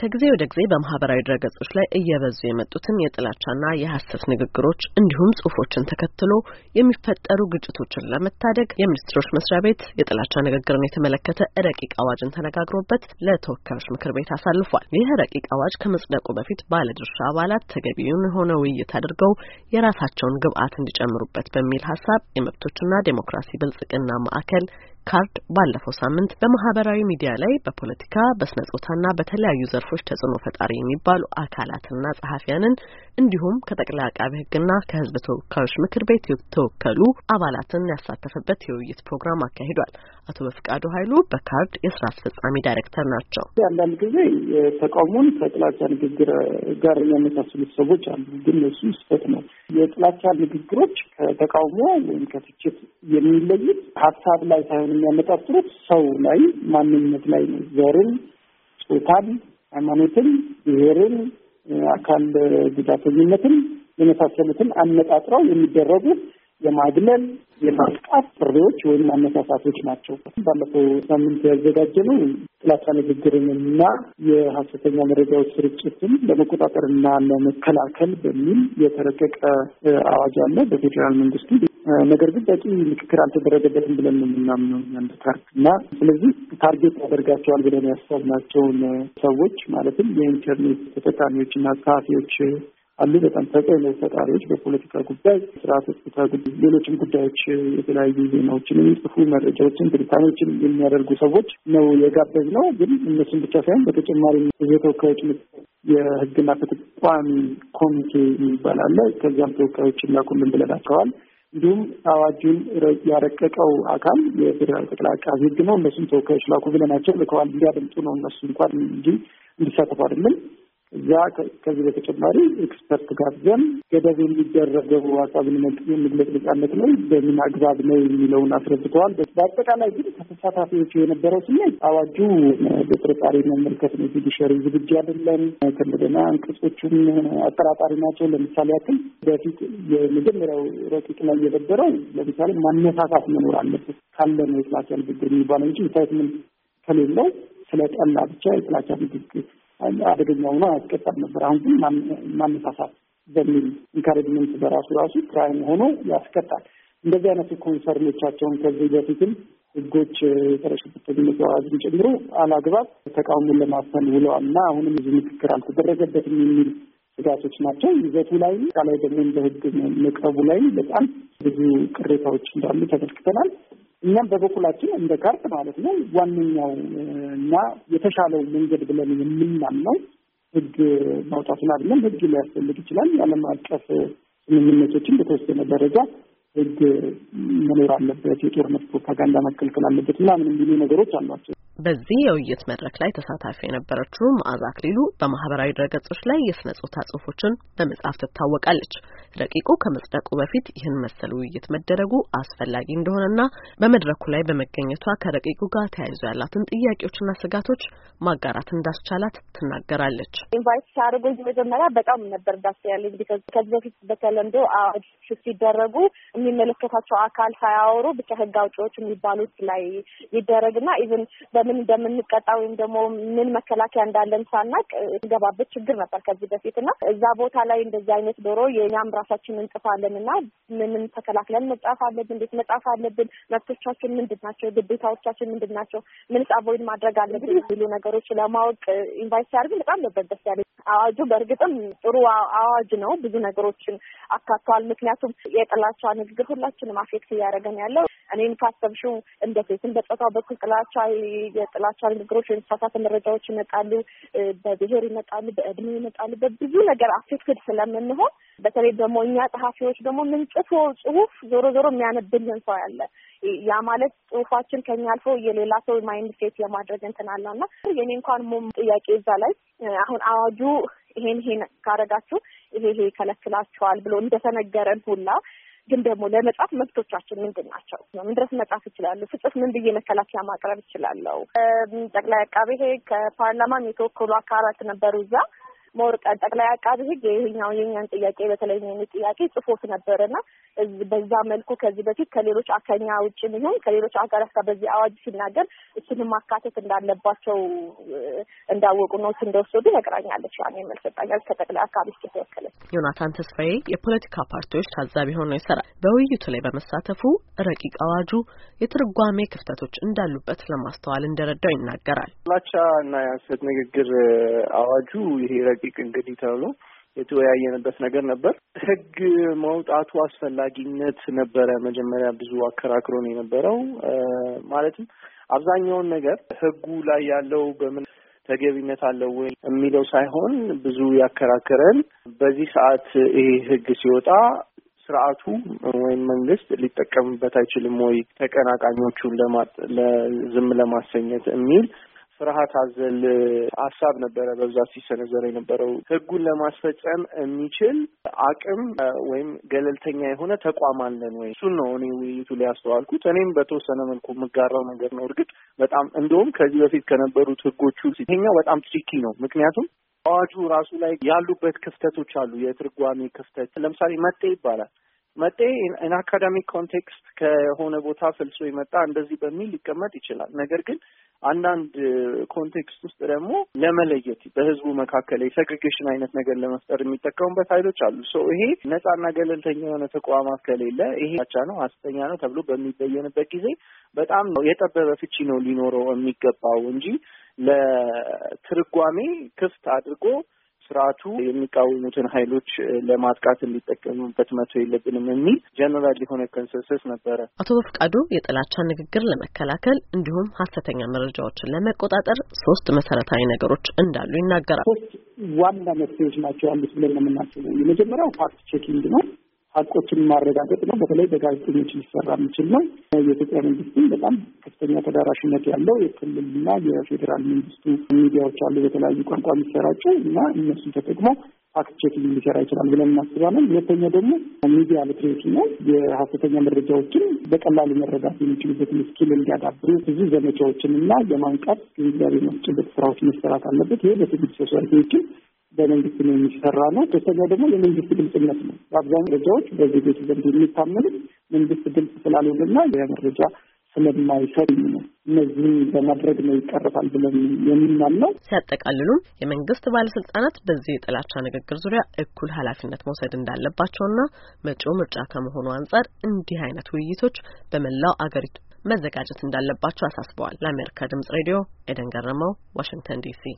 ከጊዜ ወደ ጊዜ በማህበራዊ ድረገጾች ላይ እየበዙ የመጡትን የጥላቻና የሐሰት ንግግሮች እንዲሁም ጽሁፎችን ተከትሎ የሚፈጠሩ ግጭቶችን ለመታደግ የሚኒስትሮች መስሪያ ቤት የጥላቻ ንግግርን የተመለከተ ረቂቅ አዋጅን ተነጋግሮበት ለተወካዮች ምክር ቤት አሳልፏል። ይህ ረቂቅ አዋጅ ከመጽደቁ በፊት ባለድርሻ አባላት ተገቢውን የሆነ ውይይት አድርገው የራሳቸውን ግብዓት እንዲጨምሩበት በሚል ሀሳብ የመብቶችና ዴሞክራሲ ብልጽግና ማዕከል ካርድ ባለፈው ሳምንት በማህበራዊ ሚዲያ ላይ በፖለቲካ በስነ ጾታና በተለያዩ ዘርፎች ተጽዕኖ ፈጣሪ የሚባሉ አካላትና ጸሐፊያንን እንዲሁም ከጠቅላይ አቃቤ ሕግና ከሕዝብ ተወካዮች ምክር ቤት የተወከሉ አባላትን ያሳተፈበት የውይይት ፕሮግራም አካሂዷል። አቶ በፍቃዱ ኃይሉ በካርድ የስራ አስፈጻሚ ዳይሬክተር ናቸው። አንዳንድ ጊዜ የተቃውሞን ከጥላቻ ንግግር ጋር የሚያመሳስሉት ሰዎች አሉ፣ ግን እሱ ስህተት ነው። የጥላቻ ንግግሮች ከተቃውሞ ወይም ከትችት የሚለዩት ሀሳብ ላይ ሳይሆን የሚያመጣጥሩት ሰው ላይ ማንነት ላይ ነው። ዘርን፣ ጾታን፣ ሃይማኖትን፣ ብሔርን፣ አካል ጉዳተኝነትን የመሳሰሉትን አነጣጥረው የሚደረጉት። የማግለል የማጥቃት ጥሪዎች ወይም አነሳሳቶች ናቸው። ባለፈው ሳምንት ያዘጋጀነው ጥላቻ ንግግርን እና የሀሰተኛ መረጃዎች ስርጭትን ለመቆጣጠርና ለመከላከል በሚል የተረቀቀ አዋጅ አለ በፌዴራል መንግስቱ። ነገር ግን በቂ ምክክር አልተደረገበትም ብለን ነው የምናምነው አንድ ታርግ እና ስለዚህ ታርጌት ያደርጋቸዋል ብለን ያሰብናቸውን ሰዎች ማለትም የኢንተርኔት ተጠቃሚዎች ጸሐፊዎች አሉ። በጣም ተጽዕኖ ፈጣሪዎች በፖለቲካ ጉዳይ፣ ስርዓት ጸጥታ፣ ሌሎችም ጉዳዮች የተለያዩ ዜናዎችን የሚጽፉ መረጃዎችን፣ ትንታኔዎችን የሚያደርጉ ሰዎች ነው የጋበዝ ነው። ግን እነሱን ብቻ ሳይሆን በተጨማሪ የህዝብ ተወካዮች የህግና ፍትህ ቋሚ ኮሚቴ የሚባል አለ። ከዚያም ተወካዮች ላኩልን ብለናቸዋል። እንዲሁም አዋጁን ያረቀቀው አካል የፌዴራል ጠቅላይ አቃቢ ህግ ነው። እነሱም ተወካዮች ላኩ ብለናቸው ልከዋል። እንዲያደምጡ ነው እነሱ እንኳን እንጂ እንዲሳተፉ አይደለም። እዛ ከዚህ በተጨማሪ ኤክስፐርት ጋብዘን ገደብ የሚደረገው ሀሳብን የመግለጽ ነጻነት ላይ በምን አግባብ ነው የሚለውን አስረድተዋል። በአጠቃላይ ግን ከተሳታፊዎቹ የነበረው ስሜት አዋጁ በጥርጣሬ መመልከት ነው፣ ጁዲሽሪ ዝግጅ አይደለም፣ ከእንደገና አንቀጾቹም አጠራጣሪ ናቸው። ለምሳሌ ያክል በፊት የመጀመሪያው ረቂቅ ላይ የነበረው ለምሳሌ ማነሳሳት መኖር አለበት ካለ ነው የጥላቻ ንግግር የሚባለው እንጂ ምን ከሌለው ስለ ጠላ ብቻ የጥላቻ ንግግር አደገኛ ሆኖ ያስቀጣል ነበር። አሁን ግን ማነሳሳት በሚል ኢንካሬጅመንት በራሱ ራሱ ክራይም ሆኖ ያስቀጣል። እንደዚህ አይነት ኮንሰርኖቻቸውን ከዚህ በፊትም ህጎች የጸረ ሽብርተኝነት አዋጅን ጨምሮ አላግባብ ተቃውሞን ለማፈን ውለዋል እና አሁንም ብዙ ምክክር አልተደረገበትም የሚል ስጋቶች ናቸው። ይዘቱ ላይ ቃላይ ደግሞ እንደ ህግ መቅረቡ ላይ በጣም ብዙ ቅሬታዎች እንዳሉ ተመልክተናል። እኛም በበኩላችን እንደ ካርት ማለት ነው ዋነኛው እና የተሻለው መንገድ ብለን የምናምነው ህግ ማውጣቱን አይደለም። ህግ ሊያስፈልግ ይችላል። የዓለም አቀፍ ስምምነቶችን በተወሰነ ደረጃ ህግ መኖር አለበት፣ የጦርነት ፕሮፓጋንዳ መከልከል አለበት ምናምን የሚሉ ነገሮች አሏቸው። በዚህ የውይይት መድረክ ላይ ተሳታፊ የነበረችው መዓዛ አክሊሉ በማህበራዊ ድረገጾች ላይ የስነ ጾታ ጽሁፎችን በመጻፍ ትታወቃለች። ረቂቁ ከመጽደቁ በፊት ይህን መሰል ውይይት መደረጉ አስፈላጊ እንደሆነና በመድረኩ ላይ በመገኘቷ ከረቂቁ ጋር ተያይዞ ያላትን ጥያቄዎችና ስጋቶች ማጋራት እንዳስቻላት ትናገራለች። ኢንቫይት ሲያደርጉኝ መጀመሪያ በጣም ነበር ዳስ ያለኝ። ከዚህ በፊት በተለምዶ አዋጅ ሲደረጉ የሚመለከታቸው አካል ሳያወሩ ብቻ ህግ አውጪዎች የሚባሉት ላይ ይደረግና ኢቨን በምን እንደምንቀጣ ወይም ደግሞ ምን መከላከያ እንዳለን ሳናቅ ገባበት ችግር ነበር ከዚህ በፊት እና እዛ ቦታ ላይ እንደዚህ አይነት ዶሮ የእኛም ራሳችን እንጽፋለን እና ምንም ተከላክለን መጻፍ አለብን፣ እንዴት መጻፍ አለብን፣ መብቶቻችን ምንድን ናቸው፣ ግዴታዎቻችን ምንድን ናቸው፣ ምንስ አቮይድ ማድረግ አለብን የሚሉ ነገሮች ለማወቅ ኢንቫይት ሲያደርግ በጣም ነበር ደስ ያለኝ። አዋጁ በእርግጥም ጥሩ አዋጅ ነው፣ ብዙ ነገሮችን አካቷል። ምክንያቱም የጥላቻ ንግግር ሁላችንም አፌክት እያደረገን ያለው እኔም ካሰብሽው እንደ ሴትም በጾታው በኩል ጥላቻ የጥላቻ ንግግሮች ወይም ሳሳተ መረጃዎች ይመጣሉ፣ በብሔር ይመጣሉ፣ በእድሜ ይመጣሉ፣ በብዙ ነገር አፌክትድ ስለምንሆን በተለይ ደግሞ እኛ ጸሐፊዎች ደግሞ ምንጭቶ ጽሁፍ ዞሮ ዞሮ የሚያነብልን ሰው ያለ ያ ማለት ጽሁፋችን ከኛ አልፎ የሌላ ሰው ማይንድ ሴት የማድረግ እንትን አለው እና የኔ እንኳን ሞም ጥያቄ እዛ ላይ አሁን አዋጁ ይሄን ይሄን ካረጋችሁ ይሄ ይሄ ይከለክላችኋል ብሎ እንደተነገረን ሁላ ግን ደግሞ ለመጻፍ መብቶቻችን ምንድን ናቸው? ምን ድረስ መጻፍ ይችላሉ? ፍጽፍ ምን ብዬ መከላከያ ማቅረብ ይችላለው? ጠቅላይ አቃቤ ሕግ ከፓርላማም የተወከሉ አካላት ነበሩ እዛ ሞር ጠቅላይ አቃቢ ህግ ይህኛው የኛን ጥያቄ በተለይ ይህን ጥያቄ ጽፎት ነበር እና በዛ መልኩ ከዚህ በፊት ከሌሎች ከኛ ውጭ ይሁን ከሌሎች ሀገራት ጋር በዚህ አዋጅ ሲናገር እሱንም ማካተት እንዳለባቸው እንዳወቁ ኖት እንደወሰዱ ነግራኛለች። ያን የመልሰጣኛል ከጠቅላይ አቃቢ ህግ የተወከለች ዮናታን ተስፋዬ የፖለቲካ ፓርቲዎች ታዛቢ ሆነው ይሰራል። በውይይቱ ላይ በመሳተፉ ረቂቅ አዋጁ የትርጓሜ ክፍተቶች እንዳሉበት ለማስተዋል እንደረዳው ይናገራል። ላቻ እና የሐሰት ንግግር አዋጁ ይሄ ረቂቅ ረቂቅ እንግዲህ ተብሎ የተወያየንበት ነገር ነበር። ህግ መውጣቱ አስፈላጊነት ነበረ መጀመሪያ ብዙ አከራክሮን የነበረው ማለትም አብዛኛውን ነገር ህጉ ላይ ያለው በምን ተገቢነት አለው ወይ የሚለው ሳይሆን ብዙ ያከራከረን በዚህ ሰዓት ይሄ ህግ ሲወጣ ስርዓቱ ወይም መንግስት ሊጠቀምበት አይችልም ወይ ተቀናቃኞቹን ለዝም ለማሰኘት የሚል ፍርሃት አዘል ሀሳብ ነበረ በብዛት ሲሰነዘረ የነበረው። ህጉን ለማስፈጸም የሚችል አቅም ወይም ገለልተኛ የሆነ ተቋም አለን ወይ? እሱን ነው እኔ ውይይቱ ላይ ያስተዋልኩት። እኔም በተወሰነ መልኩ የምጋራው ነገር ነው። እርግጥ በጣም እንደውም ከዚህ በፊት ከነበሩት ህጎቹ ይሄኛው በጣም ትሪኪ ነው። ምክንያቱም አዋጁ ራሱ ላይ ያሉበት ክፍተቶች አሉ። የትርጓሜ ክፍተት ለምሳሌ መጤ ይባላል። መጤ ኢን አካዳሚክ ኮንቴክስት ከሆነ ቦታ ፈልሶ የመጣ እንደዚህ በሚል ሊቀመጥ ይችላል። ነገር ግን አንዳንድ ኮንቴክስት uh, ውስጥ ደግሞ ለመለየት በህዝቡ መካከል የሴግሬጌሽን አይነት ነገር ለመፍጠር የሚጠቀሙበት ኃይሎች አሉ። ሶ ይሄ ነጻና ገለልተኛ የሆነ ተቋማት ከሌለ ይሄ ቻ ነው አስተኛ ነው ተብሎ በሚበየንበት ጊዜ በጣም የጠበበ ፍቺ ነው ሊኖረው የሚገባው እንጂ ለትርጓሜ ክፍት አድርጎ ስርዓቱ የሚቃወሙትን ኃይሎች ለማጥቃት እንዲጠቀሙበት መቶ የለብንም የሚል ጀነራል የሆነ ኮንሰንሰስ ነበረ። አቶ በፍቃዱ የጥላቻ ንግግር ለመከላከል እንዲሁም ሀሰተኛ መረጃዎችን ለመቆጣጠር ሶስት መሰረታዊ ነገሮች እንዳሉ ይናገራል። ሶስት ዋና መፍትሄዎች ናቸው ያሉት ብለን ነው የምናስበው። የመጀመሪያው ፋክት ቼኪንግ ነው። ሀቆችን ማረጋገጥ ነው። በተለይ በጋዜጠኞች ሊሰራ የሚችል ነው። የኢትዮጵያ መንግስትም በጣም ከፍተኛ ተዳራሽነት ያለው የክልልና የፌዴራል መንግስቱ ሚዲያዎች አሉ፣ በተለያዩ ቋንቋ የሚሰራጩ እና እነሱን ተጠቅሞ ፋክትቼኪንግ ሊሰራ ይችላል ብለን እናስባለን። ሁለተኛ ደግሞ ሚዲያ ሊትሬሲ ነው። የሀሰተኛ መረጃዎችን በቀላሉ መረዳት የሚችሉበትን ስኪል እንዲያዳብሩ ብዙ ዘመቻዎችን እና የማንቃት ግንዛቤ ማስጨበጥ ስራዎች መሰራት አለበት። ይሄ በሲቪል ሶሳይቲዎችን በመንግስት ነው የሚሰራ ነው። ሶስተኛው ደግሞ የመንግስት ግልጽነት ነው። በአብዛኛው መረጃዎች በዜጎች ዘንድ የሚታመኑት መንግስት ግልጽ ስላልሆነና የመረጃ ስለማይሰጥ ነው። እነዚህም በማድረግ ነው ይቀረፋል ብለን የምናምነው። ሲያጠቃልሉም የመንግስት ባለስልጣናት በዚህ የጥላቻ ንግግር ዙሪያ እኩል ኃላፊነት መውሰድ እንዳለባቸውና መጪው ምርጫ ከመሆኑ አንጻር እንዲህ አይነት ውይይቶች በመላው አገሪቱ መዘጋጀት እንዳለባቸው አሳስበዋል። ለአሜሪካ ድምጽ ሬዲዮ ኤደን ገረመው፣ ዋሽንግተን ዲሲ